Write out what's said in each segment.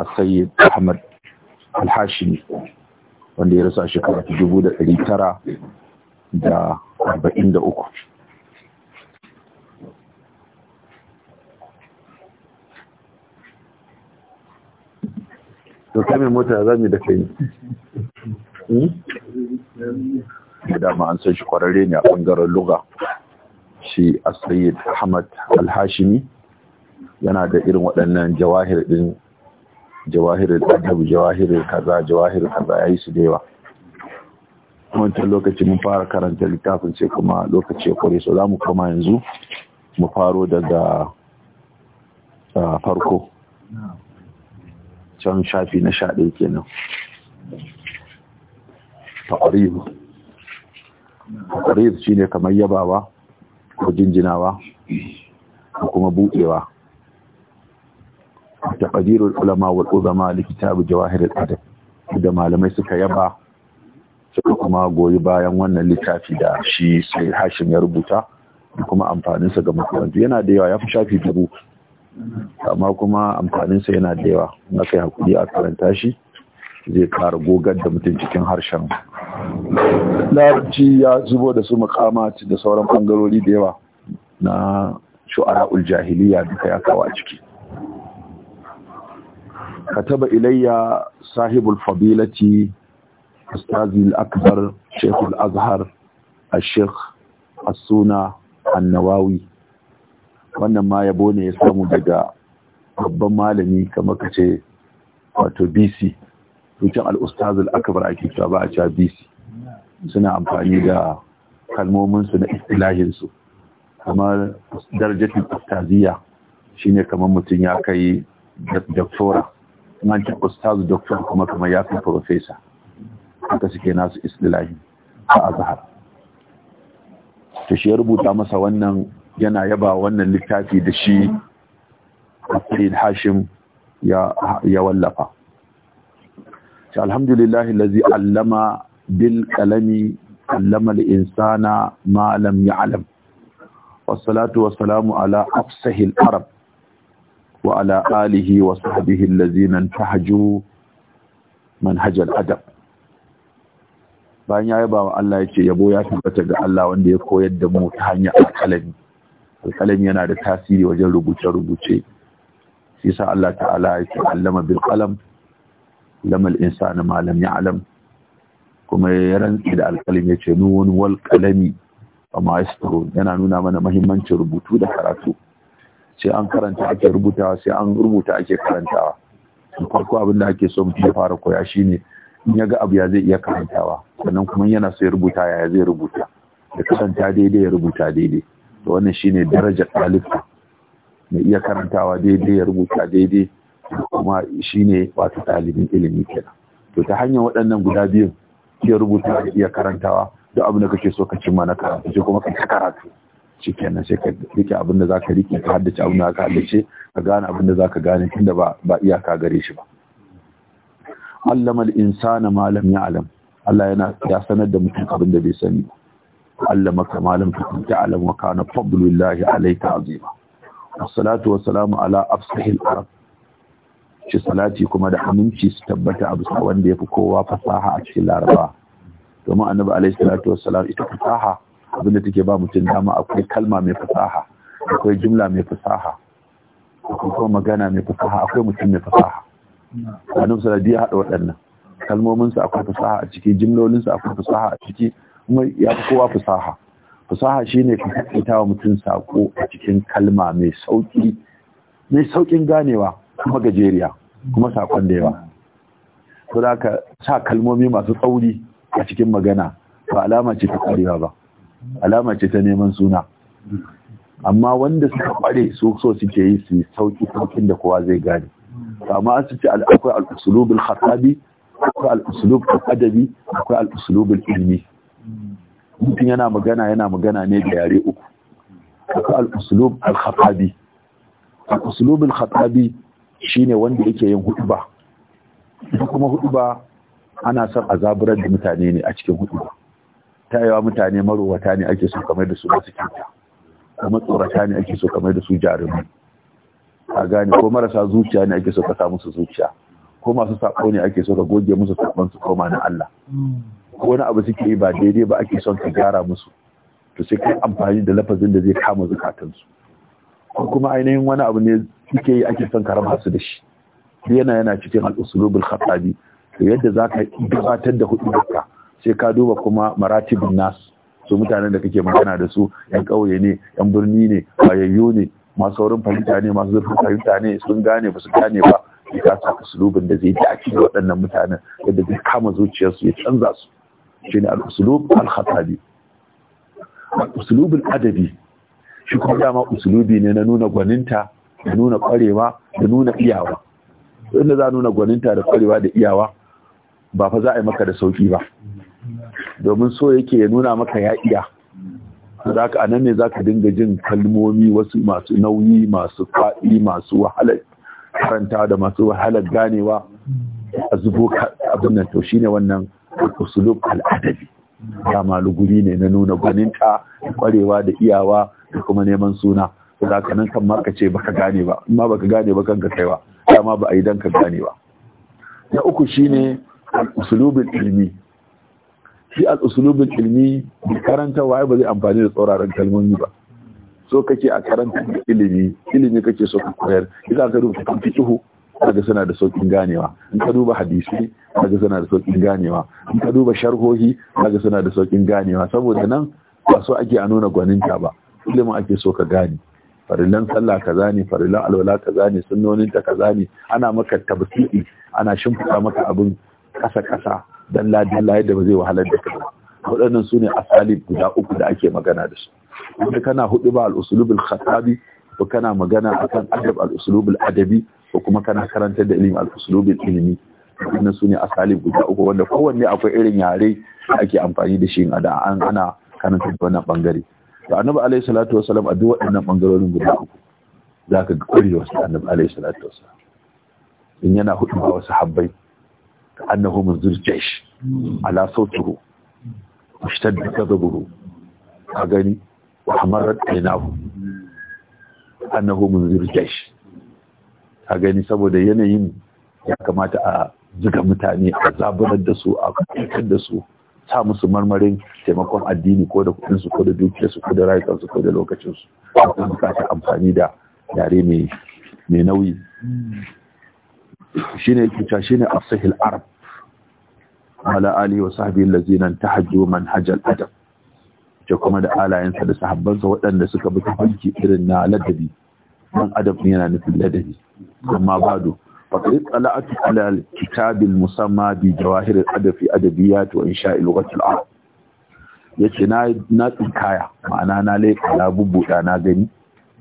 السيد أحمد الحاشمي wanda ya rasu a shekara ta dubu da ɗari tara da arba'in da uku to kamin mota za mu da kai da an san shi kwararre ne a ɓangaren luga shi asayid ahmad alhashimi yana da irin waɗannan jawahir ɗin jawahirin adabu jawahirin kaza jawahirin kaza ya yi su da yawa wancan lokaci mun fara karanta littafin sai kuma lokaci ya kore so za mu kama yanzu mu faro daga farko can shafi na sha ɗaya kenan taƙaribu shi ne kamar yabawa ko jinjinawa ko kuma buɗewa taqdirul ulama wal uzama li kitab jawahir al da malamai suka yaba suka kuma goyi bayan wannan littafi da shi sai Hashim ya rubuta da kuma amfaninsa ga makarantu yana da yawa ya fi shafi dubu amma kuma amfaninsa yana da yawa na kai hakuri a karanta shi zai ƙara gogar da mutum cikin harshen larabci ya zubo da su makamat da sauran bangarori da yawa na shu'ara jahiliya duka ya kawo a ciki kataba ilayya sahibul fadilati استاذي الاكبر شيخ الازهر ashek, asuna, annawawi. wannan ma yabo ne ya samu daga babban malami kamar ka ce wato bc tukin al'ustaz al'akabar ake cewa ba a cewa bc suna amfani da kalmominsu na istilahinsu kamar darajatin ustaziya shine kamar mutum ya kai doktora an ce ustaz doctor kuma ya fi professor haka suke nasu istilahi a azhar to ya rubuta masa wannan yana yaba wannan littafi da shi Abdul Hashim ya wallafa to alhamdulillah allazi allama bil qalami allama insana ma lam ya'lam والصلاة ala على أفسه arab. وعلى آله وصحبه الذين انتهجوا منهج الأدب bayan ya yaba Allah yake yabo ya tabbata ga Allah wanda ya koyar da mu ta hanyar alƙalami alƙalami yana da tasiri wajen rubuce-rubuce shi sa Allah ta'ala yake allama bil qalam lamal insana ma lam ya'lam kuma ya rantsi da alƙalami yace nun wal qalami amma yasturu yana nuna mana muhimmancin rubutu da karatu sai an karanta ake rubutawa sai an rubuta ake karantawa farko abin da ake so mutum ya fara koya shine in ya ga abu ya zai iya karantawa sannan kuma yana so ya rubuta ya zai rubuta ya karanta daidai ya rubuta daidai to wannan shine daraja ɗalibta mai iya karantawa daidai ya rubuta daidai kuma shine wato dalibin ilimi kenan to ta hanyar waɗannan guda biyun iya rubuta iya karantawa duk abin da kake so ka cimma na karatu sai kuma ka karatu shikenan sai ka rike abin da za ka rike ka haddace abin da za ka haddace ka gane abin da za ka gane tunda ba ba iyaka gare shi ba allama al-insana ma lam ya'lam Allah yana ya sanar da mutum abin da bai sani ba allama ka malam tukun ta'lam wa kana fadlullahi alayka azima wassalatu wassalamu ala afsahil arab shi salati kuma da aminci su tabbata a bisa wanda yafi kowa fasaha a cikin laraba domin annabi alayhi salatu wassalam ita fasaha da take ba mutum dama akwai kalma mai fasaha akwai jumla mai fasaha akwai kuma magana mai fasaha akwai mutum mai fasaha wani sallallahu biya haɗa waɗannan kalmominsa akwai fasaha a ciki jimlolinsa akwai fasaha a ciki kuma ya fi kowa fasaha fasaha shi ne ka kaita wa mutum sako a cikin kalma mai sauƙin mai ganewa kuma gajeriya kuma sakon da yawa to da ka sa kalmomi masu tsauri a cikin magana ba alama ce ta ƙarewa ba alama ce ta neman suna amma wanda suka kware su so suke yi su sauki sauƙin, da kowa zai gane amma an suke akwai al'usulubul khatabi akwai al'usulubul adabi akwai al'usulubul ilmi mutum yana magana yana magana ne da yare uku akwai al'usulub al-khatabi al'usulubul khatabi shine wanda yake yin hutuba kuma hutuba ana son azaburar da mutane ne a cikin hutuba tayewa mutane marowata ne ake so kamar da su masu kyauta kuma tsorata ne ake so kamar da su jarumi? a gane ko marasa zuciya ne ake so ka samu musu zuciya ko masu sako ne ake so ka goge musu sakon su koma na Allah ko wani abu suke yi ba daidai ba ake son ka gyara musu to sai kai amfani da lafazin da zai kama zukatansu ko kuma ainihin wani abu ne suke yi ake son ka raba su da shi yana yana cikin al'usulubul usulubul khatabi to yadda zaka gabatar da hudu ka sai ka duba kuma maratibin nas su mutanen da kake magana da su yan ƙauye ne yan birni ne bayayyu ne masu saurin fahimta ne masu zurfin fahimta ne sun gane ba su gane ba ya ka saka sulubin da zai dace da waɗannan mutanen yadda zai kama zuciyarsu ya canza su shine al-usulub al-khatabi al adabi shi kuma dama usulubi ne na nuna gwaninta da nuna kwarewa da nuna iyawa inda za a nuna gwaninta da kwarewa da iyawa ba fa za a yi maka da sauki ba domin so yake ya nuna maka ya iya zaka anan ne zaka dinga jin kalmomi wasu masu nauyi masu faɗi masu wahalar karanta da masu wahalar ganewa a zubo abin nan to shine wannan usulub al'adabi ya maluguri ne na nuna gwaninta kwarewa da iyawa da kuma neman suna za ka nan kan ka ce baka gane ba amma baka gane ba kanka kaiwa dama ba a yi dan ka gane ba na uku shine usulubul ilmi shi a usulubin ilmi karanta waye ba zai amfani da tsauraran kalmomi ba so kake a karanta da ilimi ilimi kake so ka koyar idan ka rubuta kan fiqhu kaga suna da saukin ganewa in ka duba hadisi kaga suna da saukin ganewa in ka duba sharhohi kaga suna da saukin ganewa saboda nan ba so ake a nuna gwaninta ba ilimin ake so ka gane farilan sallah kaza ne farilan alwala kaza ne sunnonin ta kaza ne ana maka tabsiri ana shimfiɗa maka abin kasa kasa dalla dalla yadda ba zai wahalar da kai waɗannan su ne asalib guda uku da ake magana da su wanda kana hudu ba al'usulubul khatabi ko kana magana akan adab al'usulubul adabi ko kuma kana karanta da ilimin al'usulubul ilimi waɗannan su ne asalib guda uku wanda kowanne akwai irin yare da ake amfani da shi a an ana karantar da wannan bangare to annabi alaihi salatu wasalam a duk waɗannan bangarorin guda uku zaka ga kwarewa su annabi alaihi salatu wasalam in yana hudu ba wasu habbai كأنه من ذو الجيش على صوته مشتد كذبه أغني وحمرت عيناه كأنه من ذو الجيش أغني سبو ده ينين يا كما zuga mutane a zaburar da su a kwatar su musu marmarin taimakon addini ko da kudin su ko da su ko da rayukansu ko da lokacin su kuma bukatar amfani da yare mai nauyi shine kita cewa shine asahil arab ala ali wa sahbi allazina tahajju manhaj al-adab ce kuma da alayensa da sahabbansa waɗanda suka bi tafarki irin na ladabi dan adab ne yana nufin ladabi amma bado faqad qala'at ala al-kitab al-musamma bi jawahir al-adab fi adabiyat wa insha' lughat al-arab yace na na tsinkaya ma'ana na leƙa na bubbuda na gani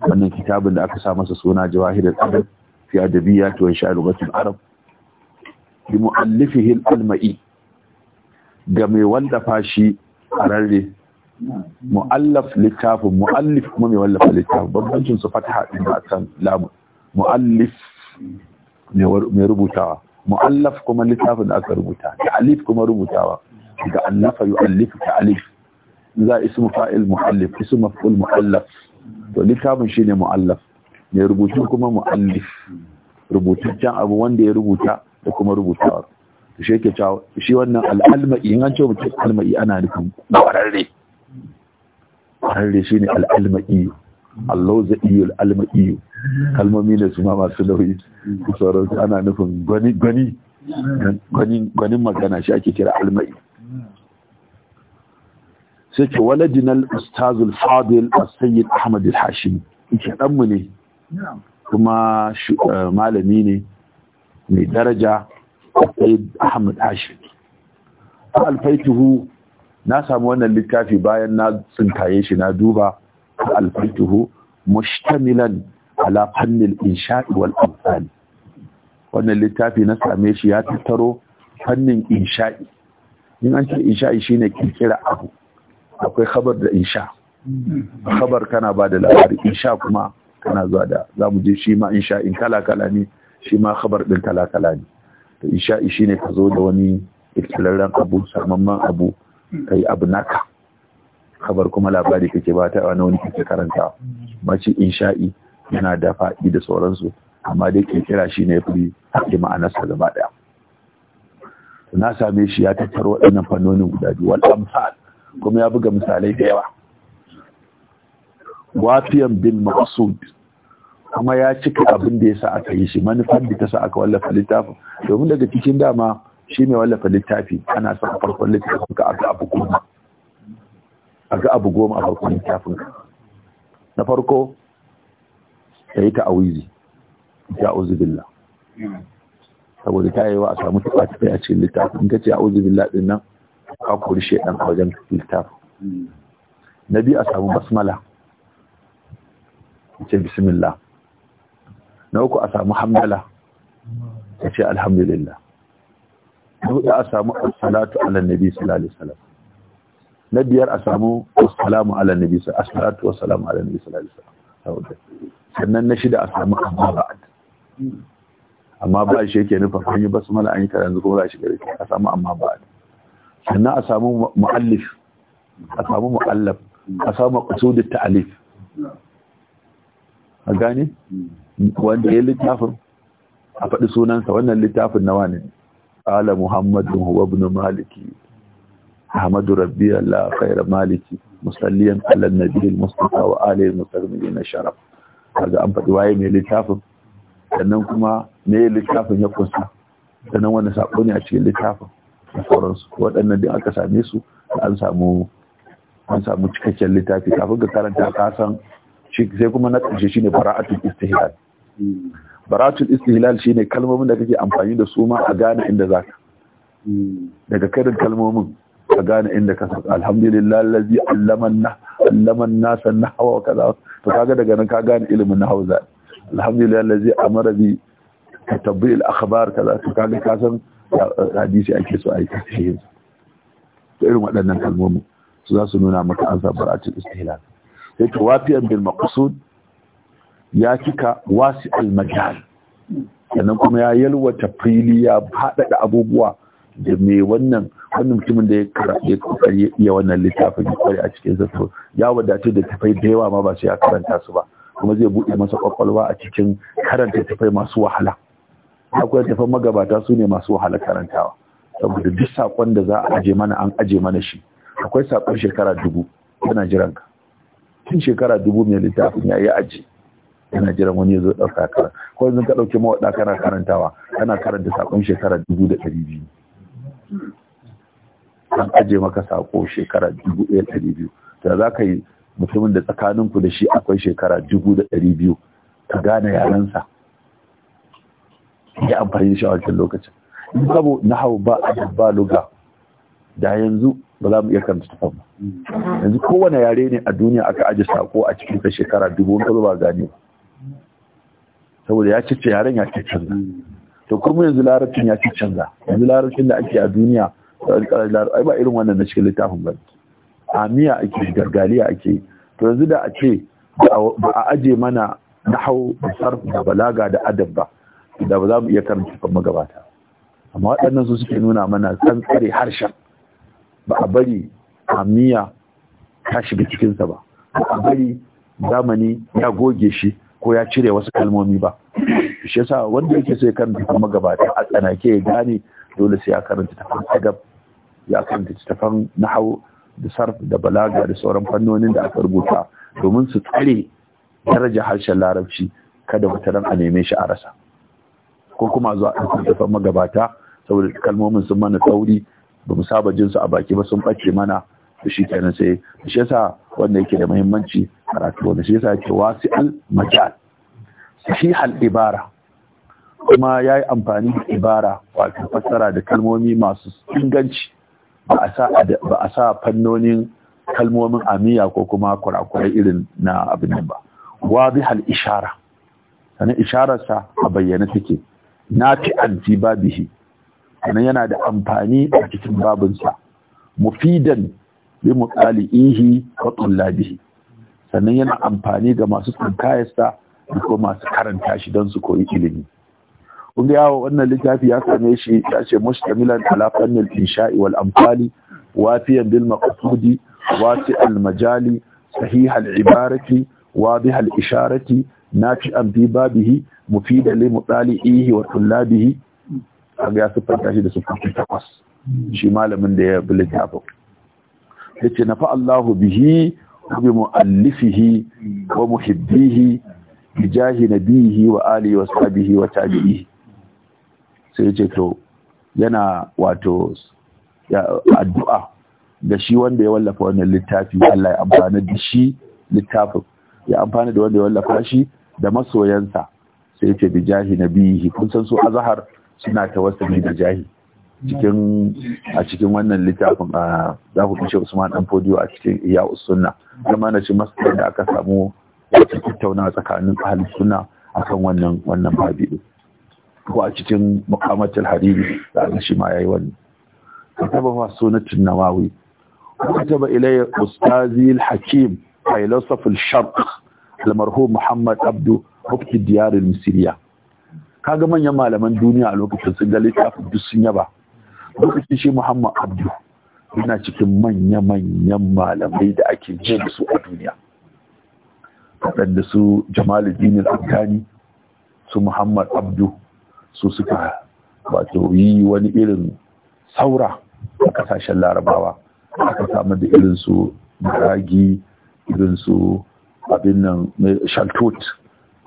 wannan kitabin da aka sa masa suna jawahir al-adab في أدبيات وإنشاء لغة العرب لمؤلفه الألمئي game wallafa shi a rarre mu'allaf littafin mu'allif kuma mai wallafa littafin bambancin su fataha din ba kan lamu mu'allif mai rubutawa mu'allaf kuma littafin da aka rubuta da alif kuma rubutawa daga allafa yu'allif ta alif za ismu fa'il mu'allif ismu maf'ul mu'allaf to littafin shine mu'allaf mai rubutu kuma mu'allif rubutaccen abu wanda ya rubuta da kuma rubutawar to shi yake cewa shi wannan al'alma'i in an ce mutum al'alma'i ana nufin kwararre kwararre shine al'alma'i Allah zai iyo al'alma'i kalmomi ne su ma masu nauyi sauran ana nufin gwani gwani gwanin magana shi ake kira al'alma'i sai ke waladinal ustazul fadil as-sayyid ahmad al-hashimi ke dan mu ne kuma eh, malami ne mai daraja Said Ahmad Hashim alfaituhu na samu wannan littafi bayan na tsinkaye shi na duba alfaituhu mashtamilan ala fannin insha'i wal amfani. wannan littafi na same shi ya tattaro fannin insha'i in an ce insha'i shine kirkira abu akwai khabar da insha mm-hmm. khabar kana ba da labari insha kuma kana zuwa da za mu je shi ma in kala kala ne shi ma khabar din kala kala ne to insha'i shi ne ka zo da wani ikilarren abu samamman abu kai abu naka khabar kuma labari kake ba ta wani wani kake karanta mace insha'i yana da fa'i da sauransu amma dai ke kira shi ne fi haƙi ma'anarsa gaba ɗaya na same shi ya tattaro waɗannan fannonin guda biyu wal amsal kuma ya buga misalai da yawa wafiyan bin maqsud kuma ya cika abin da yasa aka yi shi manufar da ta sa aka wallafa littafin domin daga cikin dama shi ne wallafa littafi ana son farkon littafin ka aka abu goma aka abu goma a farkon littafin ka na farko ya yi ta'awizi ya uzu billah saboda ta yi wa a samu tuba ta a cikin littafin in ka ce ya billahi din nan ka shi shedan a wajen littafin na biyu a samu basmala ce bismillah na uku a samu hamdala ya ce alhamdulillah na hudu a samu assalatu ala nabi sallallahu alaihi wasallam na biyar a samu assalamu ala nabi assalatu wassalamu ala nabi sallallahu alaihi wasallam sannan na shida a samu amma ba'ad amma ba shi yake nufa an yi basmala an yi karanzu kuma za shi gare a samu amma ba'ad sannan a samu mu'allif a samu mu'allaf a samu qasudut ta'alif a gane wanda ya littafin a faɗi sunansa wannan littafin na wani ala muhammadun huwa ibn maliki ahmadu rabbi allah Kaira maliki musalliyan ala nabi mustafa wa alihi musallimin na sharaf kaga an faɗi waye mai littafin sannan kuma me littafin ya kunsa sannan wani sako ne a cikin littafin da sauransu waɗannan din aka same su an samu an samu cikakken littafi kafin ka karanta ka san sai kuma na ƙarshe shine bara'atul istihlal bara'atul istihlal shine kalmomin da kake amfani da su ma a gane inda zaka daga karin kalmomin a gane inda ka sa, alhamdulillah allazi allamanna allaman nasa hawa wa kaza to kaga daga nan ka gane ilimin na za alhamdulillah allazi amara bi tatabbil akhbar kaza to kaga ka san hadisi ake so ai tafsir to irin waɗannan kalmomin su za su nuna maka an sabar a cikin istihlal yake wafi wafiyan bil maqsud ya kika wasi al majal sannan kuma ya yalwata fili ya haɗaɗa abubuwa da me wannan wannan mutumin da ya karaɗe kokari ya wannan littafin kware a cikin zato ya wadatu da tafai da yawa ma ba sai ya karanta su ba kuma zai buɗe masa kwakwalwa a cikin karanta tafai masu wahala akwai tafan magabata su ne masu wahala karantawa saboda duk sakon da za a aje mana an aje mana shi akwai sakon shekara dubu yana jiranka. tun shekara dubu mai littafin ya yi aji yana jiran wani ya zo ɗauka kara ko yanzu ka ɗauki mawaɗa kana karantawa kana karanta saƙon shekara dubu da ɗari biyu an aje maka saƙo shekara dubu ɗaya ɗari biyu to za ka yi mutumin da tsakaninku da shi akwai shekara dubu da ɗari biyu ka gane yarensa ya amfani da shi a wancan lokacin in sabo na hau ba a ba luga da yanzu ba za mu iya karanta tafan ba yanzu kowane yare ne a duniya aka aji sako a cikin ta shekara dubu wani ba gane saboda ya ce yaren ya ce canza to kuma yanzu larabcin ya ce canza yanzu larabcin da ake a duniya ai ba irin wannan na cikin littafin ba A miya ake gargaliya ake to yanzu da a ce ba a aje mana na hau da sarf da balaga da adab ba da ba za mu iya karanta kan magabata amma waɗannan su suke nuna mana kan tsare harshen ba a bari amiya ta shiga cikinsa ba ba a bari zamani ya goge shi ko ya cire wasu kalmomi ba shi yasa wanda yake sai karanta kuma gabata a tsanake ya gane dole sai ya karanta tafan adab ya karanta tafan nahau da sarf da balaga da sauran fannonin da aka rubuta domin su tsare daraja harshen larabci kada ran a neme shi a rasa ko kuma zuwa a tafan magabata saboda kalmomin sun mana tsauri ba mu saba jin su a baki ba sun bace mana da shi kenan sai shi yasa wanda yake da muhimmanci karatu wanda shi yasa yake al majal hal ibara kuma yayi amfani da ibara wato fassara da kalmomi masu inganci ba a sa ba a sa fannonin kalmomin amiya ko kuma kurakurai irin na abin nan ba hal ishara sanin ishararsa a bayyane take na fi an fi babihi sannan yana da amfani a cikin babinsa mufidan bi muqalihi wa tullabihi sannan yana amfani ga masu tsinkayarsa da kuma masu karanta shi don su koyi ilimi kun ga wannan littafi ya same shi ya ce mustamilan ala fannil insha'i wal amfali wafiyan bil maqsudi wasi'al majali sahihal ibarati واضح الإشارة نافعا في بابه مفيدا wa وطلابه kaga ya siffanta shi da siffofi takwas shi malamin da ya bi littafin yace fa Allahu bihi wa bi muallifihi wa muhibbihi bi jahi nabihi wa alihi wa sahbihi wa tabi'ihi sai yace to yana wato addu'a da shi wanda ya wallafa wannan littafi Allah ya amfana da shi littafin ya amfana da wanda ya wallafa shi da masoyansa sai yace bi jahi nabihi kun san su azhar suna ta wasanni da jahi cikin a cikin wannan littafin a za ku Usman ɗan Fodiyo a cikin iya usunna zama na ci masu da aka samu wata tattaunawa tsakanin ahalin sunna akan wannan wannan babi ko a cikin muqamatul hariri da an shi ma yayi wannan kataba wa sunatun nawawi kataba ilayya ustazi al-hakim philosopher al-sharq al-marhum Muhammad Abdu hukki Diyar al kaga manyan malaman duniya a lokacin sun ga littafin duk sun yaba lokacin shi muhammad abdu yana cikin manya-manyan malamai da ake je da su a duniya waɗanda su jamaluddin al-afghani su muhammad abdu su suka wato yi wani irin saura a kasashen larabawa aka samu da irin su maragi irin su abin nan shaltot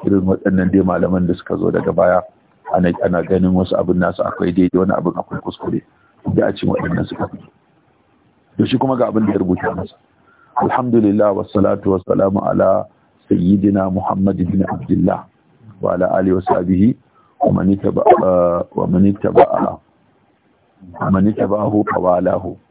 irin waɗannan dai malaman da suka zo daga baya ana ganin wasu abin nasu akwai daidai wani abin akwai kuskure da a cikin waɗannan suka fi. to shi kuma ga abin da ya rubuta masa alhamdulillah wa salamu ala sayyidina muhammad bin abdullah wa ala alihi wa sahbihi wa man wa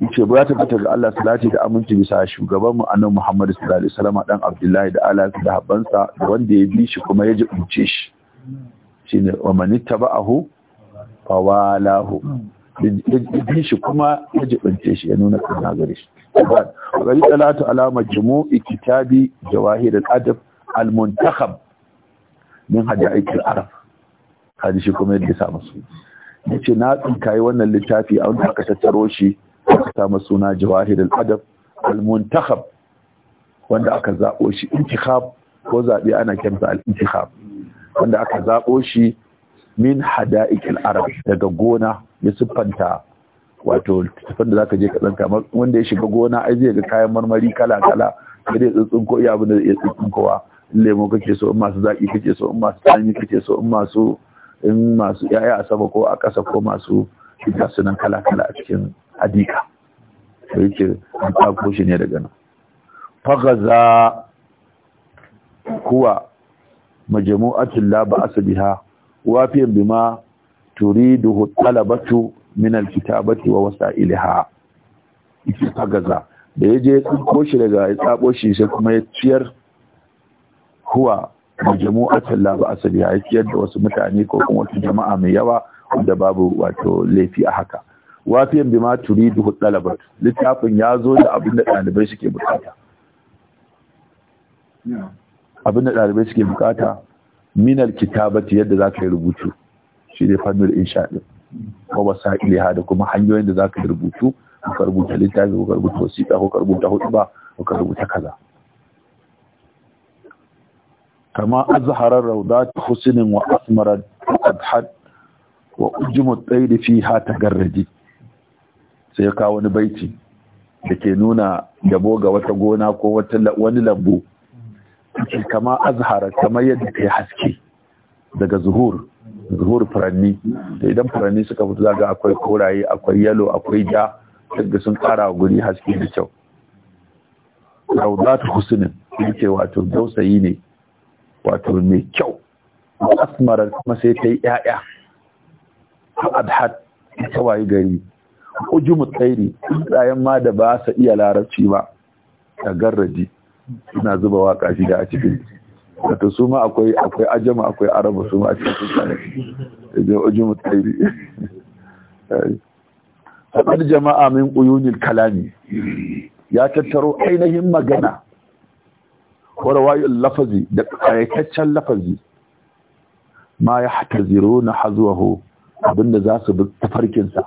yace ba ta fita ga Allah salati da aminci bisa shugaban mu annabi Muhammad sallallahu alaihi wasallam dan Abdullahi da Allah da habbansa da wanda ya bi shi kuma ya jibunce shi shine wa man ittaba'ahu fawalahu bi shi kuma ya jibunce shi ya nuna kana gare shi gari salatu ala majmu'i kitabi jawahir al-adab al-muntakhab min hada'ik al-arab hadisi shi kuma yadda sa musu yace na tsinkaye wannan littafi a wanda aka tattaro shi aka samu masuna jawahir al-adab al-muntakhab wanda aka zabo shi intikhab ko zabe ana kiransa al-intikhab wanda aka zabo shi min hada'iq al-arab daga gona ya siffanta wato tafin da zaka je ka tsanka wanda ya shiga gona ai zai ga kayan marmari kala kala sai tsuntsun ko iya abin da ya tsuntsun kowa lemo kake so in masu zaki kake so in masu tsami kake so in masu in masu yaya a sama ko a ƙasa ko masu ga sunan kala-kala a cikin hadika da yake an shi ne daga nan fagaza kuwa majamu'atin la ba'a biha wafiyan bima batu, talabatu min batu, wa wasa'iliha ita fagaza da yaje ya tsinko shi daga ya tsabo shi sai kuma ya ciyar Kuwa majamu'atin la ba'asa biha ya ciyar da wasu mutane ko kuma wata jama'a mai yawa da babu wato laifi a haka wafiyan ma turidu hudalabat littafin ya zo da abin da ɗalibai suke bukata abin da ɗalibai suke bukata minal kitabati yadda za ka yi rubutu shi ne fannin insha ɗin ko ba sa iliha da kuma hanyoyin da za ka yi rubutu ko ka rubuta littafi ko ka rubuta wasiƙa ko ka rubuta hutuba ko ka rubuta kaza kama azharar raudat husnin wa asmarat adhad wa ujumu tsairi fi ha garraji sai ya kawo wani baiti da ke nuna yabo ga wata gona ko wani lambu kama azhara kama yadda yi haske daga zuhur zuhur furanni da idan furanni suka fito zaga akwai koraye akwai yalo akwai ja daga sun kara wa guri haske da kyau raudatu husnin ce wato dausayi ne wato mai kyau asmarar kuma sai ta yi 'ya'ya adhat ta waye gari ujumu tsairi tsayen ma da ba sa iya larabci ba a garraji suna zuba waka shi da a cikin wato su ma akwai akwai ajama akwai araba su ma a cikin tsari. da ujumu tsairi faɗar jama'a min ƙuyunin kalami ya tattaro ainihin magana warwayin lafazi da ƙayataccen lafazi ma ya hata ziro na abinda za su bi tafarkinsa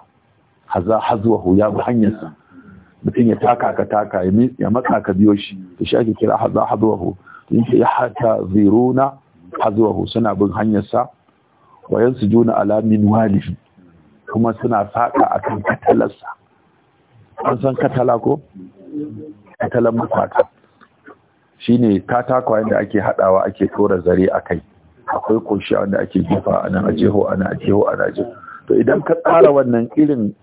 haza hazwahu ya bi hanyarsa mutum ya taka ka taka ya matsa ka biyo shi ta shi ake kira haza hazwahu to yake ya hata ziruna hazwahu suna bin hanyarsa su juna alamin walifi. kuma suna saka akan katalarsa an san katala ko makwata. Shi ne katakwayen da ake hadawa ake tora zare a kai. akwai koshi wanda ake jefa ana ajeho ana ajeho ana ajeho to idan ka tsara wannan irin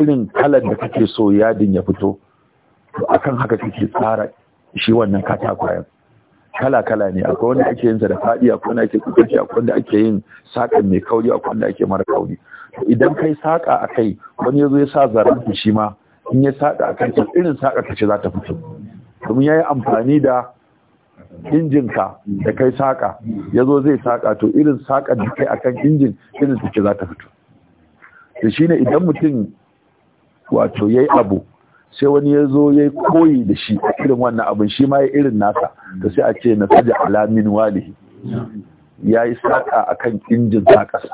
irin kalar da kake so yadin ya fito to akan haka kake tsara shi wannan katakwayan kala kala ne akwai wanda ake yin sa da fadi akwai wanda ake kusurci akwai wanda ake yin sakan mai kauri akwai wanda ake mara kauri idan kai saƙa a kai wani yazo ya sa zaran shi ma in ya saƙa a kai irin saƙa kace za ta fito domin ya yi amfani da injinka da kai saƙa ya zo zai saƙa to irin saƙa da kai akan injin irin ke za ta fito da shine idan mutum wato ya yi abu sai wani ya zo ya koyi da shi a irin wannan abin shi ma ya irin nasa da sai a ce na saja alamin walihi ya yi saƙa a injin saƙasa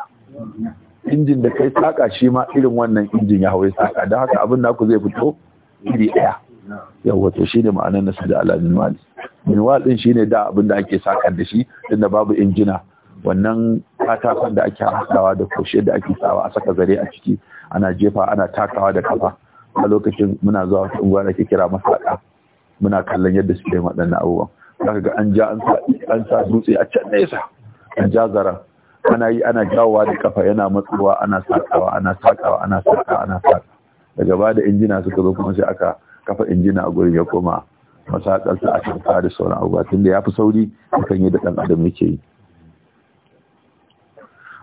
injin da kai saƙa shi ma irin wannan injin ya hau ya saƙa don haka abin naku zai fito iri ɗaya yawa to shine ma'anar nasu da ala minwal minwal shi ne da abin da ake sakar da shi inda babu injina wannan katakon da ake haɗawa da koshe da ake sawa a saka zare a ciki ana jefa ana takawa da kafa a lokacin muna zuwa wasu unguwa da ke kira masaka. muna kallon yadda suke waɗannan abubuwan zaka ga an ja an sa dutse a can nesa an ja zara ana yi ana jawowa da kafa yana matsuwa ana sakawa ana sakawa ana sakawa ana sakawa daga ba da injina suka zo kuma sai aka kafa injina a gurin ya koma masakarsa a kan da sauran abubuwa tun da ya fi sauri akan yadda ɗan adam yake yi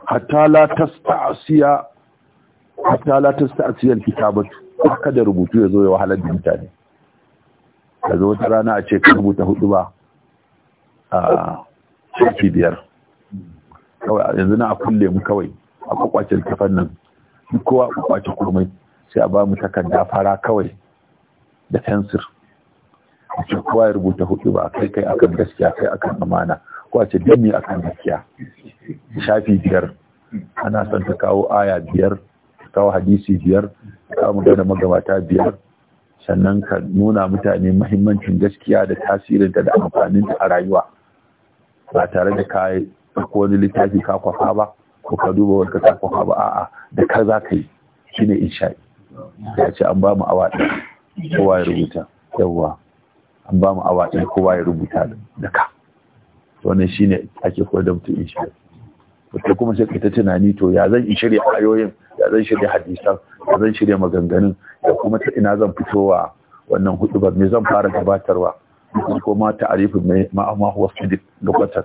hatta la ta sta la kitabatu haka da rubutu ya zo ya wahalar da mutane ka zo wata rana a ce ka rubuta hudu ba a shafi biyar kawai yanzu na a kulle mu kawai a kwakwacin kafan nan kowa kwakwacin komai sai a ba mu takarda fara kawai da fensir a ce kowa ya rubuta hudu ba kai kai akan gaskiya kai akan amana ko a ce dami akan gaskiya shafi biyar ana son ta kawo aya biyar kawo hadisi biyar kawo magana magabata biyar sannan ka nuna mutane mahimmancin gaskiya da tasirinta da amfaninta a rayuwa ba tare da kayi ko wani littafi ka kwafa ba ko ka duba wani ka kwafa ba a'a da ka za ka yi shine insha'i ya ce an ba mu awa ɗaya kowa ya rubuta yawwa an ba mu awa ɗaya kowa ya rubuta da ka wannan ne ake koyar da mutum in shirya wata kuma sai ta tunani to ya zan in shirya ayoyin ya zan shirya hadisan ya zan shirya maganganun ya kuma ta ina zan fitowa wannan hudubar me zan fara gabatarwa ko ma ta'arifin ma ma huwa sidiq lokacin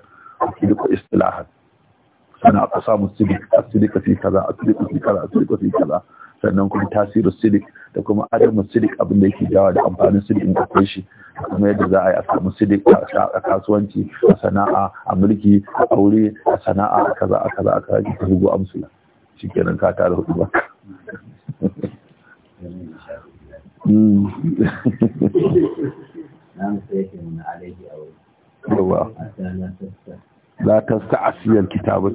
sannan aka samu sidik asidik a kaza asidik fi kaza asidik a kaza sannan kuma tasirin sidik da kuma adamu sidik abin da yake dawa da amfanin sidik in akwai shi kuma yadda za a yi a samu sidik a kasuwanci a sana'a a mulki a aure a sana'a a kaza a kaza a kaza ki ta hugo amsula shi kenan ka tara hudu ba hmm. la ta sta'asiyar kitabat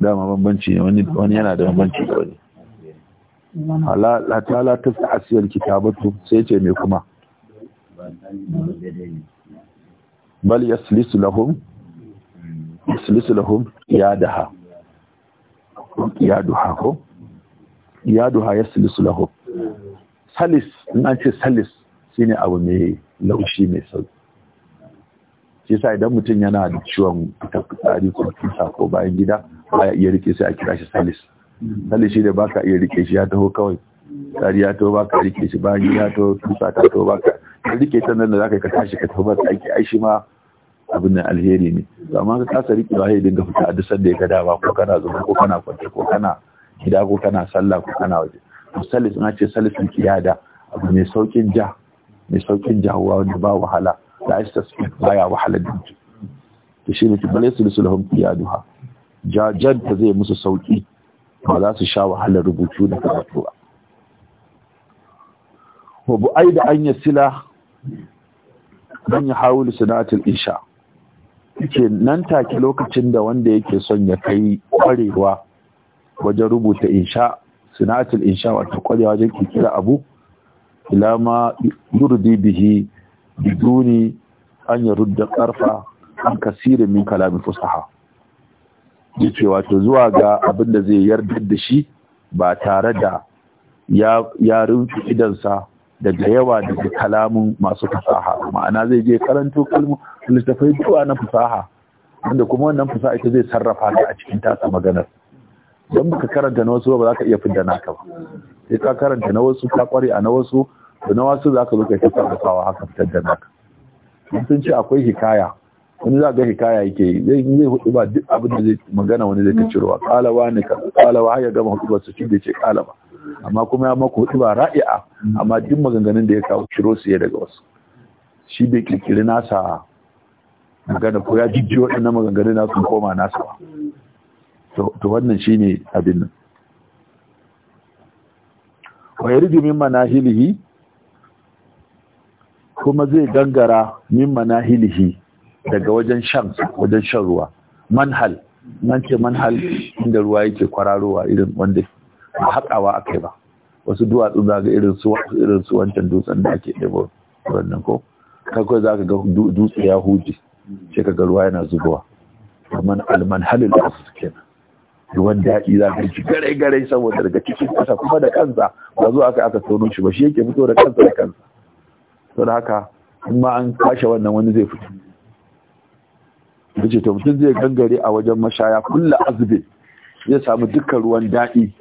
dama bambanci wani yana da bambanci da wani Allah ta la ta sta'asiyar kitabatu sai ce me kuma bal silisu lahum yaslisu lahum yadaha yaduha ko yaduha silisu lahum salis na ce salis shine abu mai laushi mai sauki shi sa idan mutum yana da ciwon ita fitsari ko kisa ko bayan gida ya iya rike sai a kira shi salis salis shi da baka iya rike shi ya taho kawai tsari ya taho baka rike shi bayan gida to tusa ta taho baka ka rike ta nan da za ka tashi ka taho baka aiki ai ma abin nan alheri ne amma ka kasa rike wa ya dinga fita a duk sanda ya ga dama ko kana zuwa ko kana kwance ko kana gida ko kana sallah ko kana waje salis na ce salisun kiyada abu mai saukin ja mai saukin wanda ba wahala da aisha speed baya wahala da mutu. to shi ne ki bale su su lahum kiyaduwa. jajen ta zai musu sauki ba za su sha wahalar rubutu da karatu ba Wabu ai da an sila dan ya hawulu sanatul insha yake nan take lokacin da wanda yake son ya kai kwarewa wajen rubuta insha sinatul insha wato kwarewa wajen kirkira abu ila ma yurdi bihi biduni an yarudda karfa an kasiri min kalamin fusaha yace wato zuwa ga abin da zai yarda da shi ba tare da ya ya rinci idansa daga yawa daga kalamun masu fasaha ma'ana zai je karanto kalmu littafai zuwa na fasaha wanda kuma wannan fasaha ita zai sarrafa ta a cikin tasa maganar don baka karanta na wasu ba za ka iya fidda naka ba sai ka karanta na wasu ka kware a na wasu da na wasu za ka zo kai ta haka fitar da naka sun ce akwai hikaya wani za ga hikaya yake yi zai zai hudu ba duk abin da zai magana wani zai ta cirowa kalawa ne ka kalawa ya gama hudu ba su ci da ce kalawa amma kuma ya maka hudu ba ra'i'a amma duk maganganun da ya kawo ciro su ya daga wasu shi bai kirkiri nasa magana ko ya jijjiyo waɗannan maganganun na sun koma nasa ba to wannan shi ne abin nan wa yarju min manahilihi kuma zai gangara min manahilihi daga wajen shan wajen shan ruwa manhal nan ce manhal inda ruwa yake kwararowa irin wanda haƙawa kai ba wasu duwatsu za ga irin su irin su wancan dutsen da ake ɗebo wannan ko kakwai za ka ga dutse ya huji sai ka ga ruwa yana zubowa kamar almanhalin da su kenan ruwan daɗi za ka ci garai garai saboda daga cikin kasa kuma da kansa ba zuwa aka aka tono shi ba shi yake fito da kansa da kansa to da haka in ma an kashe wannan wani zai fito Bace to mutum zai gangare a wajen mashaya kulla azbin ya samu dukkan ruwan daɗi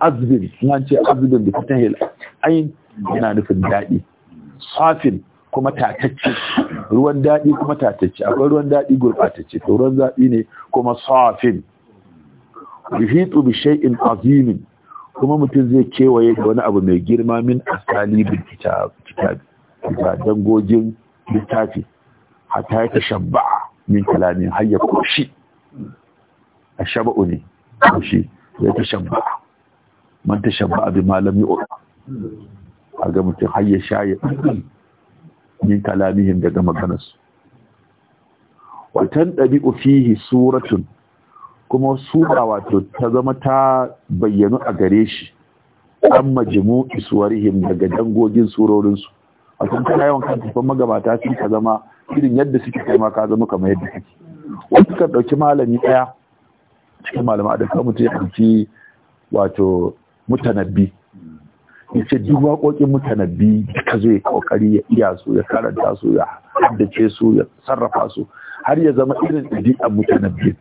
azbin nan ce azbin da fitan hil ayin yana nufin daɗi safin kuma tatacce ruwan daɗi kuma tatacce akwai ruwan daɗi gurɓatacce to ruwan daɗi ne kuma safin yuhitu bi shay'in azim kuma mutum zai kewaye da wani abu mai girma min kitab kitab da dangogin littafi hatta ya tashabba min kalamin hayya kushi koshi a shaba'u ne koshi ya tashabba man tashabba bi malami ur a ga mutum har ya min kalamihim daga maganarsu watan ɗabi'u fihi suratun kuma suka wato ta zama ta bayyanu a gare shi an majimu him daga dangogin surorinsu a kan kana yawan kan tafan magabata sun ka zama irin yadda suke kai ka zama kamar yadda kake Wani suka ɗauki malami ɗaya cikin malama da kan mutum ya ɗauki wato mutanabbi ya ce duk waƙoƙin mutanabbi duka zai ƙoƙari ya iya su ya karanta su ya haddace su ya sarrafa su har ya zama irin ɗabi'an mutanabbi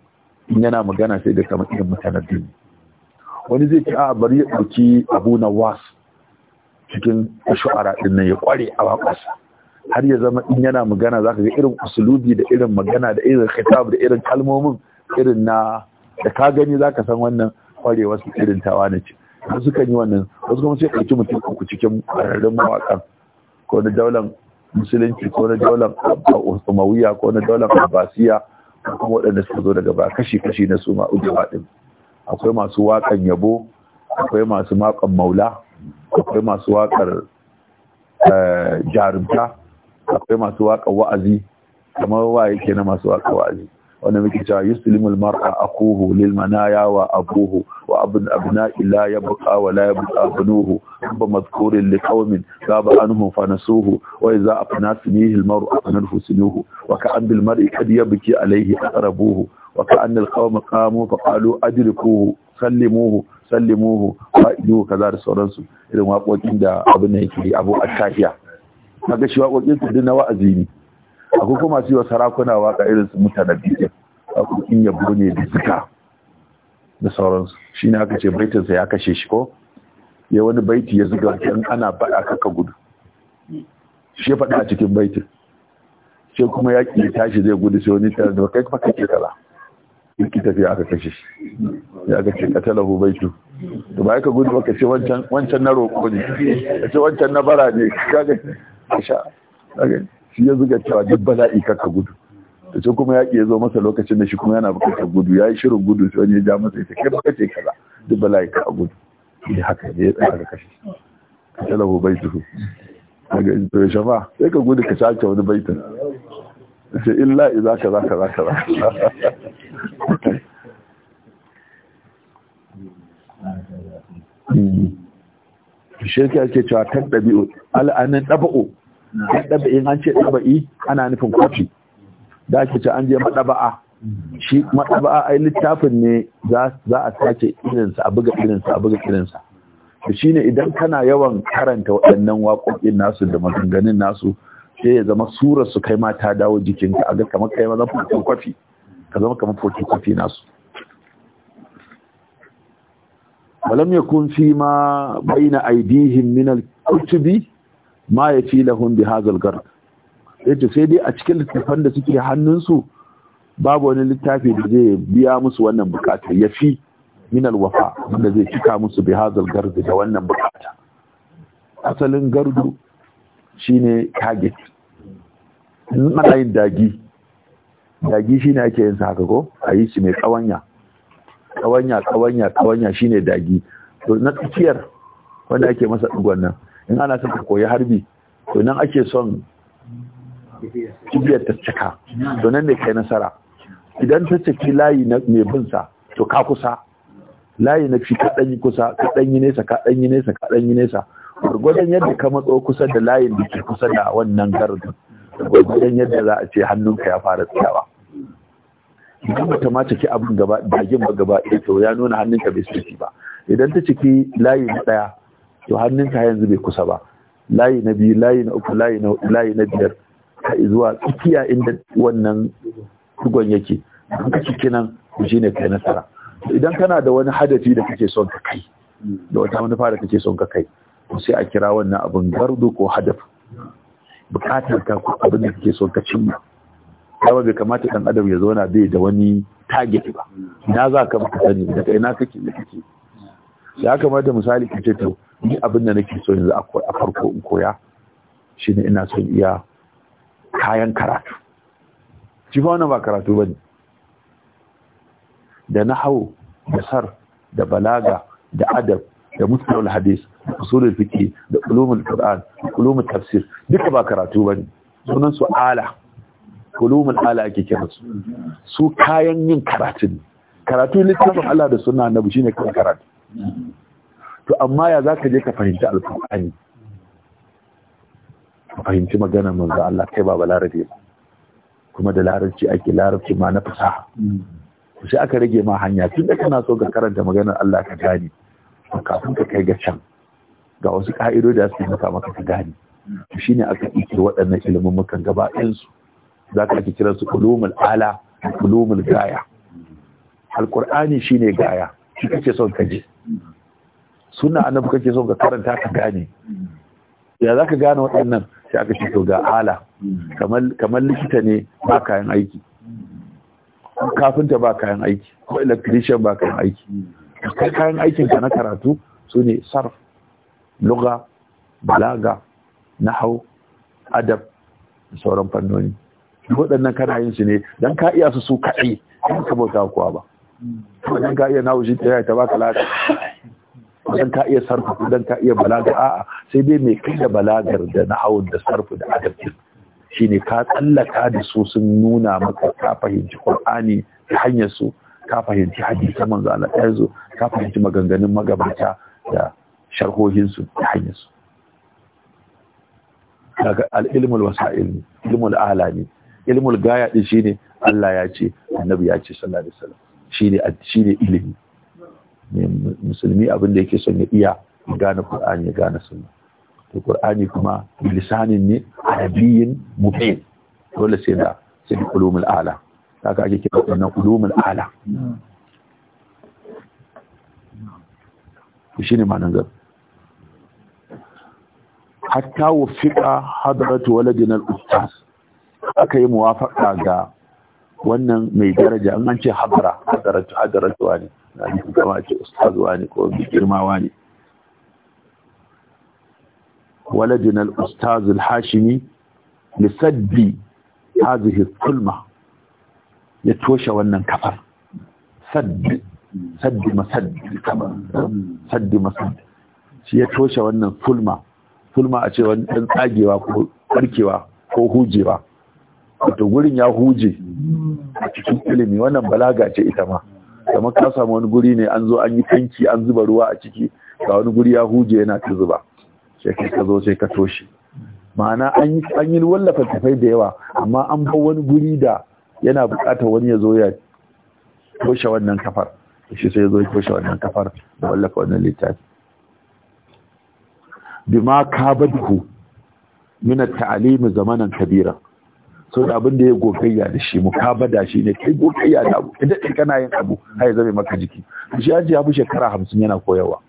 in yana magana sai da kamar irin mutanen dini wani zai ce a bari ya ɗauki abu na was cikin shu'ara ɗin nan ya ƙware a waƙasa har ya zama in yana magana za ka ga irin usulubi da irin magana da irin hitab da irin kalmomin irin na da ka gani za ka san wannan ƙwarewar su irin tawa na ce wasu kan yi wannan wasu kuma sai ɗauki mutum uku cikin ƙararrun mawaƙan ko na daular musulunci ko na daular umawiya ko na daular abbasiya kuma waɗanda suka zo daga ba kashi-kashi na su ma'ujawa ɗin akwai masu waƙan yabo akwai masu maƙon maula akwai masu waƙar eh, jarumta akwai masu waƙan wa'azi kamar waye ke na masu waƙan wa'azi wanda muke cewa yuslimul mar'a akuhu lil manaya wa abuhu wa abun abna'i la yabqa wa la yabqa bunuhu ba mazkurin li qaumin gaba anhum fa nasuhu wa idza afna simihi al mar'u anhu sinuhu wa ka'an bil mar'i kad yabki alayhi atrabuhu wa ka'an al qaum qamu fa qalu adrikuhu sallimuhu sallimuhu fa'idu kaza da sauransu irin waƙoƙin da abin da yake abu attahiya kaga shi waƙoƙin su na wa'azi ne akwai kuma su yi wa sarakuna waka irin su mutanen bisa akwai kukin yabo ne da suka da sauransu shi ne aka ce baitinsa ya kashe shi ko ya wani baiti ya zuga in ana baɗa kaka gudu shi ya faɗa a cikin baitin Shi kuma yaƙi ya tashi zai gudu sai wani tare da kai kuma kake kaza in ki tafiya aka kashe shi ya ga ce baitu to ba ka gudu ba ka ce wancan na roƙo ne ka ce wancan na bara ne sha shi ya zuga cewa duk bala'i kakka gudu da ce kuma yaƙi ya zo masa lokacin da shi kuma yana bukatar gudu ya yi shirin gudu sai wani ya ja masa ita kai baka ce kaza duk bala'i ka a gudu da haka ne ya tsaya da kashi ka tala ko bai tuhu daga intoye shafa sai ka gudu ka sace wani baitin sai illa iza ka za ka za ka za hmm. shirka ake cewa kan ɗabi'u al'anin ɗaba'u ɗaba'in an ce ɗaba'i ana nufin kwafi da ake ce an je maɗaba'a shi maɗaba'a ai littafin ne za a sace irinsa a buga irinsa a buga irinsa shi ne idan kana yawan karanta waɗannan waƙoƙin nasu da maganganun nasu sai ya zama surar su kai ma ta dawo jikinka a ga kamar kai ma zan kwafi ka zama kamar kwafi nasu ولم يكن فيما بين أيديهم من kutubi? ma ya fi lahun bi hazal gar sai dai a cikin littafan da suke hannunsu babu wani littafi da zai biya musu wannan bukata ya fi min alwafa wanda zai cika musu bi hazal da wannan bukata asalin gardu shi ne target in ana yin dagi dagi ne ake yin sa haka ko a yi shi mai kawanya kawanya kawanya kawanya ne dagi to na tsakiyar wanda ake masa ɗugon nan in ana son koyi harbi to nan ake son kibiyar ta cika to nan ne kai nasara idan ta ciki layi na mai bin sa to ka kusa layi na fi ka yi kusa ka yi nesa ka yi nesa ka yi nesa gwargwadon yadda ka matso kusa da layin da ke kusa da wannan garin gwargwadon yadda za a ce hannunka ya fara tsayawa idan ba ta ma ciki abin gaba dagin ba gaba ɗaya to ya nuna hannunka bai ciki ba idan ta ciki layi na ɗaya to hannunka yanzu bai kusa ba layi na biyu layi na uku layi na biyar ka zuwa tsakiya inda wannan dugon yake Don ka ciki nan ku ne kai nasara idan kana da wani hadafi da kake son ka kai da wata manufa da kake son ka kai sai a kira wannan abin gardu ko hadaf bukatar ka ko abin da kake son ka cimma kuma bai kamata dan adam ya zauna bai da wani target ba na za ka maka sani daga ina kake da kake ya kamata misali kace to ni abin da nake so yanzu a farko in koya shine ina son iya kayan karatu Ci fa wannan ba karatu bane da hau, da sar da balaga da adab da mustalahul hadis da usulul fiqh da ulumul qur'an da ulumul tafsir duka ba karatu bane sunan su ala ulumul ala ake kira su su kayan yin karatu karatu littafin Allah da sunna annabi shine kan karatu to amma ya zaka je ka fahimci alƙur'ani ka fahimci magana manzo Allah kai ba balarabe ba kuma da larabci ake larabci ma na fasaha sai aka rage ma hanya tun da kana so ka karanta magana Allah ka gane kafin ka kai ga can ga wasu ka'idodi da suke maka maka ka gane to shine aka ike waɗannan ilimin mukan gaba ɗin su zaka ake kiran su ulumul ala ulumul gaya alqur'ani shine gaya kike son ka je Suna annabi kake so ka karanta ka gane ya za ka gane waɗannan sai aka ce ga ala kamar likita ne ba kayan aiki kafinta ba kayan aiki ko electrician ba kayan aiki kai kayan aikin ka na karatu su ne sarf luga balaga nahau adab da sauran fannoni waɗannan kana yin su ne dan ka iya su su kaɗai ka bauta kuwa ba to ka iya na shi ta ta ka lada dan ka iya sarfa dan ka iya balaga a'a sai dai mai kai da balagar da na'awun da sarfu da Shi shine ka tsallaka da su sun nuna maka ka fahimci Qur'ani ta hanyar su ka fahimci hadisan manzo Allah ɗaya ka fahimci maganganun magabata da sharhohin su ta hanyar su daga al-ilmul wasa'il ilmul alami ilmul gaya din shine Allah ya ce annabi ya ce sallallahu alaihi wasallam shine shine ilimi musulmi abin da yake son ya iya gane Kur'ani ya gane sunna to Qur'ani kuma lisanin ne arabiyyin mubin dole sai da sai da ulumul ala haka ake kira wannan ulumul ala ne ma'anar gaba hatta wufiqa hadratu waladina al-ustaz aka yi muwafaqa ga wannan mai daraja an ce hadara hadaratu hadaratu ne ranar gama ce ustazuwa ne ko girmawa ne waladinal ustazul hashimi lissabbi hazihis kulma ya toshe wannan kafar saddi saddi masaddi kama saddi masaddi shi ya toshe wannan fulma fulma a ce wani ɗan tsagewa ko ɓarkewa ko hujewa wato gurin ya huje a cikin ilimi wannan balaga ce ita ma kamar ka samu wani guri ne an zo an yi tanki an zuba ruwa a ciki ga wani guri ya huje yana ta zuba sai ka zo sai ka toshe ma'ana an yi wallafa tafai da yawa amma an bar wani guri da yana buƙatar wani ya zo ya toshe wannan kafar shi sai ya zo ya toshe wannan kafar da wallafa wannan littafi bima kabadhu min at-ta'lim zamanan kabira sau da abin da ya gogayya da shi mukabada shi ne kai gogayya da abu idan kai kana yin abu har ya zame maka jiki shi ya ji ya fi shekara hamsin yana koyarwa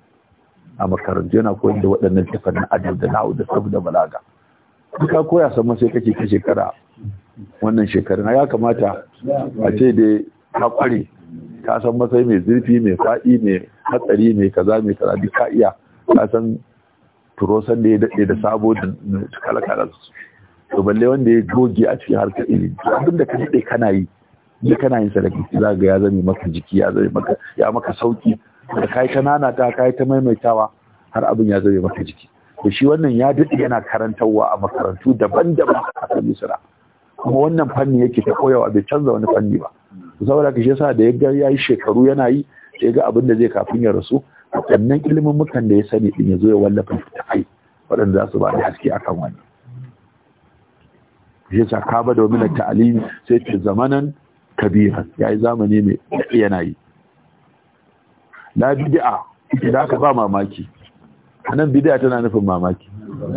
a makarantu yana koyar da waɗannan tafan na adal da na'u da sabu da balaga ka koya sama sai kake ka shekara wannan shekarun ya kamata a ce da ka kware ka san masai mai zurfi mai faɗi mai hatsari mai kaza mai kaza duk ka iya ka san turosan da ya daɗe da sabo da kala-kala to balle wanda ya goge a cikin harkar ilimi abin da ka daɗe kana yi ya kana yin sadaki za ga ya zame maka jiki ya zame maka ya maka sauki da kai ta ta kai ta maimaitawa har abin ya zame maka jiki to shi wannan ya daɗe yana karantarwa a makarantu daban-daban a kan misira kuma wannan fanni yake ta koyawa bai canza wani fanni ba saboda ka shi yasa da ya ga ya yi shekaru yana yi sai ga abin da zai kafin ya rasu waɗannan ilimin mukan da ya sani din ya zo ya wallafa ta kai waɗanda za su ba da haske akan wannan shi sa ka ba domin ta'alimi sai ce zamanan kabira yayi zamani mai yana yi la bid'a idan ka ba mamaki anan bid'a tana nufin mamaki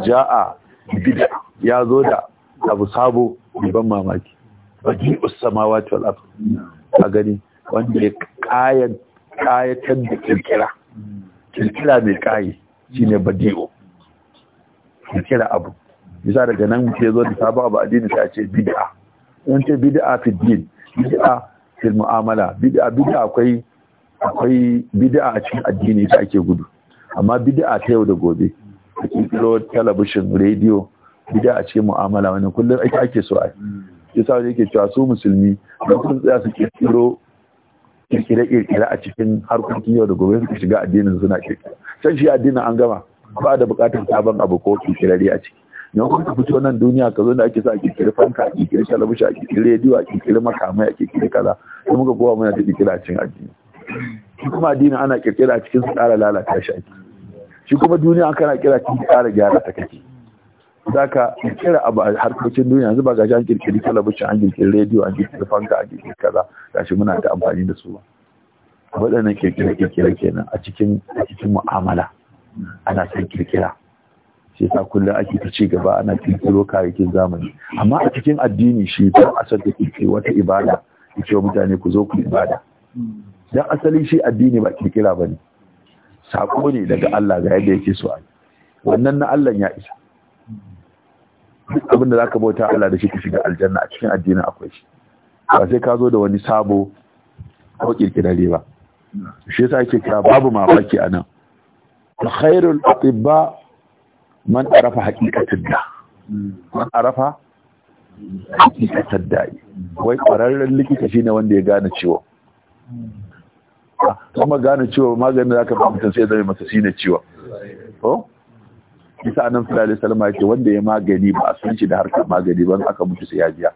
ja'a bid'a ya zo da abu sabo ban mamaki baki ussamawati wal ard a gani wanda ya kayan kayatar da kirkira kirkira mai kayi shine badi'u kirkira abu bisa daga nan ke zo da sabo ba addini sai a ce bid'a in ce bid'a fi din bid'a fi mu'amala bid'a bid'a akwai akwai bid'a a cikin addini da ake gudu amma bid'a ta yau da gobe a ro talabishin rediyo bid'a a cikin mu'amala wani kullum ake ake so ai yasa wani yake cewa su musulmi da tsaya su ro kirkire-kirkire a cikin harkokin yau da gobe suka shiga addinin suna kirkira can shi addinin an gama ba da buƙatar sabon abu ko kirkirare a ciki yau kuma ka fito nan duniya ka zo da ake sa a kirkiri fanka a kirkiri shalabushi a kirkiri rediyo a kirkiri makamai a kirkiri kaza sai muka kowa muna ta kirkira cin addini shi kuma addini ana kirkira a cikin su ƙara lalata shi ake shi kuma duniya kana kira cikin ƙara gyara ta kake za ka kira abu a harkokin duniya yanzu ba ga an kirkiri talabijin an kirkiri rediyo an kirkiri fanka an kirkiri kaza gashi muna ta amfani da su waɗannan kirkire kirkire kenan a cikin a cikin mu'amala ana san kirkira shi sa kullum ake ta ci gaba ana kirkiro kayayyakin zamani amma a cikin addini shi ta asar da kirkiro wata ibada ya ce mutane ku zo ku ibada dan asali shi addini ba kirkira ba ne Saƙo ne daga Allah ga yadda yake so a wannan na Allah ya isa abinda abin da zaka bauta Allah da shi ka shiga aljanna a cikin addinin akwai shi ba sai ka zo da wani sabo ko kirkirare ba shi yasa yake kira babu mamaki anan khairul atibba man arafa haƙiƙatin da man arafa haƙiƙatin da wai ƙwararren likita shine wanda ya gane ciwon ah, kuma gane ciwon magani da aka fahimta sai zai masa shine ciwon ko isa annabi sallallahu alaihi wasallam yake wanda ya magani ba a san shi da harkar magani ban aka mutu sai ya jiya?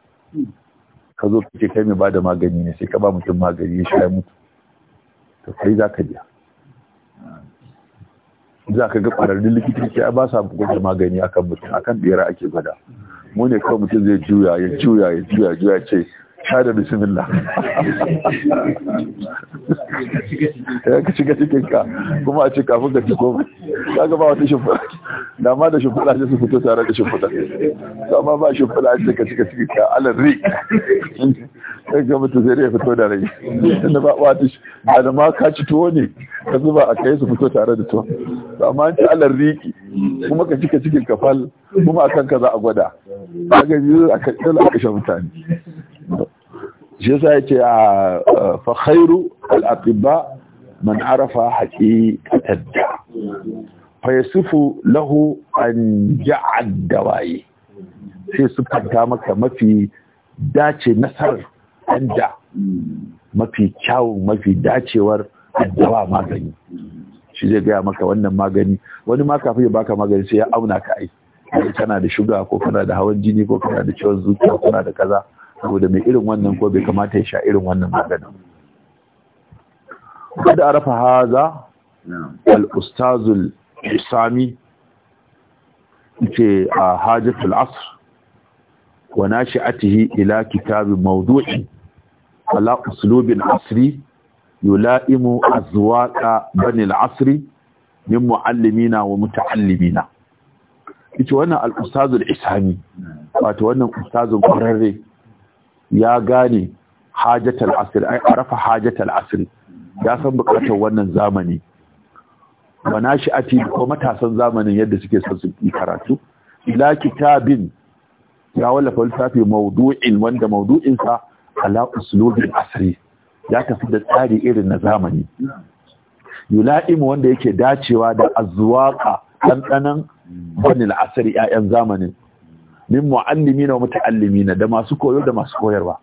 ka zo kace kai mai bada magani ne sai ka ba mutum magani ya shi mutu to kai za ka biya za ka ga ƙwararrun ke ba sa gwada magani akan mutum akan bera ake gwada mu ne kawai mutum zai juya ya juya ya juya juya ce hada da bismillah ya eh, ka shiga cikinka kuma a ce kafin ka ci komai ya gaba wata shimfiɗa da ma da shimfiɗa ce su fito tare da shimfiɗa to amma ba shimfiɗa a ce ka shiga cikinka alar ri ya ga mutu zai rai fito da rai inda ba wata ba da ma ka ci tuwo ne ka zuba a kai su fito tare da tuwo to amma an ci alar riki kuma ka cika cikin fal, kuma akan ka za a gwada ba ga yi a kan aka shan mutane shi yasa yace a fa khairu al atibba man arafa haqiqatan da fa yasifu lahu an ja'ad dawai sai su fanta maka mafi dace nasarar an da mafi kyawun mafi dacewar addawa magani shi zai gaya maka wannan magani wani ma kafin ya baka magani sai ya auna ka ai kana da shuga ko kana da hawan jini ko kana da ciwon zuciya kana da kaza saboda mai irin wannan ko bai kamata ya sha irin wannan magana kada arafa haza al'ustazul Isami, sami ce a hajjatul asr wa atihi ila kitabin maudu'i ala uslubin asri yula'imu azwaqa bani al-asri yin muallimina wa muta'allimina ita wannan al'ustazul isami wato wannan ustazun ƙwararre ya gane hajjatar asir ai rafa hajjatar asir ya san bukatar wannan zamani Ba na wa nashi'ati ko matasan zamanin yadda suke son su yi karatu ila kitabin ya wallafa littafin mawdu'in wanda mawdu'in sa ala uslubin asri ya tafi da tsari irin na zamani yula'imu wanda yake dacewa da azwaqa ɗanɗanan wani la'asari 'ya'yan zamanin min mu'allimina wa muta'allimina da masu koyo da masu koyarwa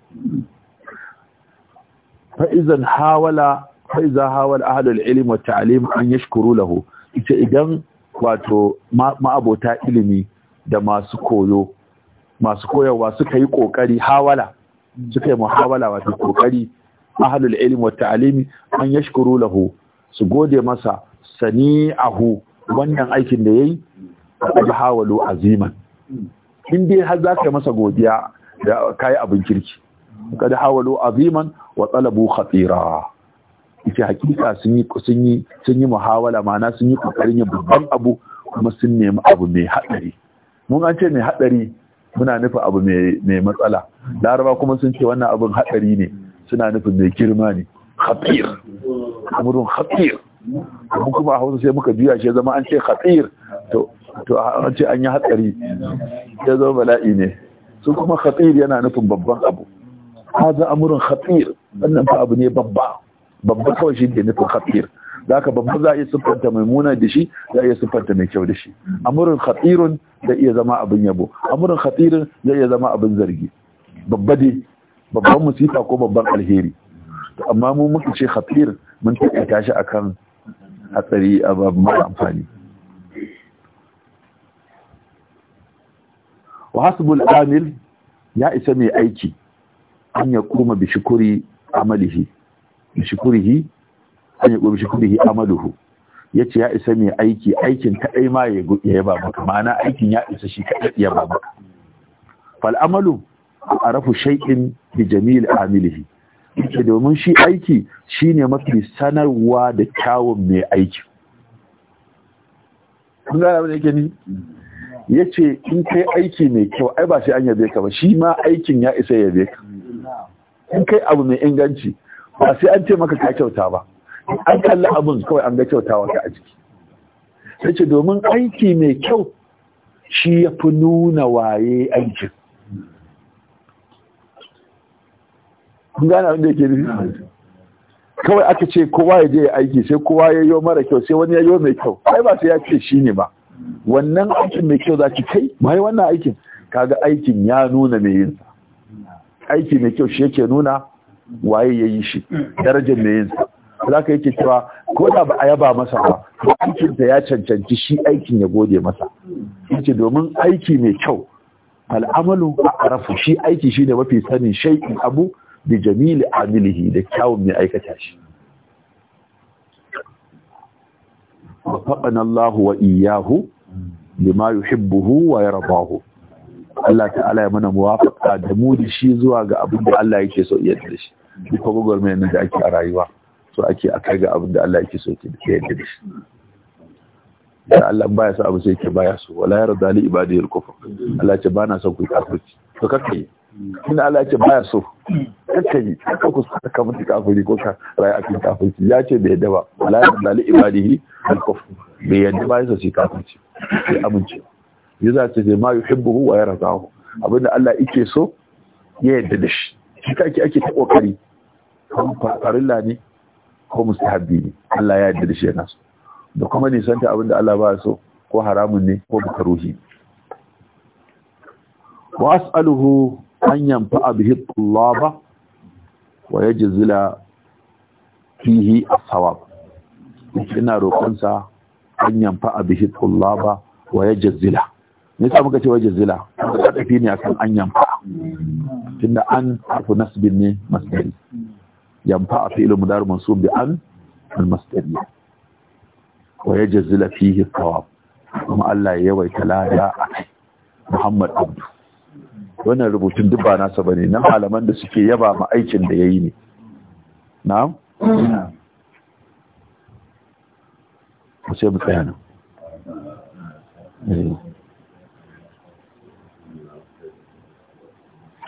fa idan hawala fa idan hawala ahlul ilmi wat ta'lim an yashkuru lahu ita idan wato ma'abota ilimi da masu koyo masu koyarwa suka yi kokari hawala suka yi muhawala wato kokari ahlul ilmi wat ta'lim an yashkuru lahu su gode masa sani'ahu wannan aikin da yayi ajhawalu aziman in dai har za ka masa godiya da kayi abin kirki kada hawalu aziman wa talabu khatira ita hakika sun yi sun yi sun yi muhawala ma'ana sun yi kokarin yin babban abu kuma sun nemi abu mai hadari mun an ce mai hadari muna nufin abu mai matsala laraba kuma sun ce wannan abin hadari ne suna nufin mai girma ne khatir amurun khatir kuma a hausa sai muka juya shi zama an ce khatir to to a ce an yi hatsari ya zama bala'i ne su kuma khatir yana nufin babban abu haza amurin khatir wannan fa abu ne babba babba kawai shi ne nufin khatir zaka babba za a iya siffanta mai muna da shi za a iya siffanta mai kyau da shi amurin khatirun zai iya zama abin yabo amurin khatirun zai iya zama abin zargi babba dai babban musifa ko babban alheri amma mu muka ce khatir mun taƙaita shi akan hatsari a babban amfani wa hasbul amil ya isa mai aiki an ya kuma bishikuri amalihi bishikurihi an ya kuma bishikurihi amaluhu ya ce ya isa mai aiki aikin kadai ma ya yaba maka ma'ana aikin ya isa shi kaɗai ya yaba maka fal amalu a rafu shaikin bi jamil amilihi yake domin shi aiki shine mafi sanarwa da kyawun mai aiki kun abin da yake ni ya ce in kai aiki mai kyau ai ba sai an yabe ka ba shi ma aikin ya isa yabe ka in kai abu mai inganci ba sai an ce maka ka kyauta ba an kalli abin kawai an ga kyautawa ka a ciki sai ce domin aiki mai kyau shi ya fi nuna waye aikin kun gane abin da yake nufi kawai aka ce kowa ya je ya aiki sai kowa ya yi mara kyau sai wani ya yi mai kyau ai ba sai ya ce shi ne ba wannan aikin mai kyau za ki kai mai wannan aikin kaga aikin ya nuna mai yin aiki mai kyau shi yake nuna waye ya yi shi darajar mai yinsa. sa za ka yake cewa ko da ba a yaba masa ba to ya cancanci shi aikin ya gode masa yace domin aiki mai kyau al'amalu a arafu shi aiki shi ne mafi sanin shaikin abu bi jamili amilihi da kyawun mai aikata shi وفقنا wa'iyyahu, وإياه لما يحبه ويرضاه Allah ta'ala ya mana muwafaka da mu da shi zuwa ga abin da Allah yake so iya da shi duk gwagwarmayar nan da ake a rayuwa so ake a kai ga abin da Allah yake so ya yarda da Allah baya sa abu sai ke baya so wala yarda li ibadihi al-kufr Allah ce bana son ku kafirci to inda Allah ce baya so kakka yi kakka ku saka ka mutu kafiri ko ka rayu a cikin kafirci ya ce bai yadda ba wala ya dali ibadihi al bai yadda ba yasa shi kafirci ya amince ya za ce ma yuhibbu wa yarzahu abinda Allah yake so ya yadda da shi shi kake ake ta kokari kan farilla ne ko mustahabbi ne Allah ya yadda da shi yana so da kuma nisanta abinda Allah ba so ko haramun ne ko bukaruhi wa as'aluhu an yanfa abihi tullaba wa yajzila fihi as-sawab ina roƙonsa an yanfa abihi tullaba wa yajzila ne sa muka ce wa jazila ka tafi ne akan an yanfa tunda an harfu nasbin ne masdari yanfa fi ilmu dar mansub bi an al masdari wa yajzila fihi thawab kuma Allah ya yawaita lada Muhammad Abdu wannan rubutun duk ba nasa bane na malaman da suke yaba ma aikin da yayi ne na'am sai mu tsaya nan eh.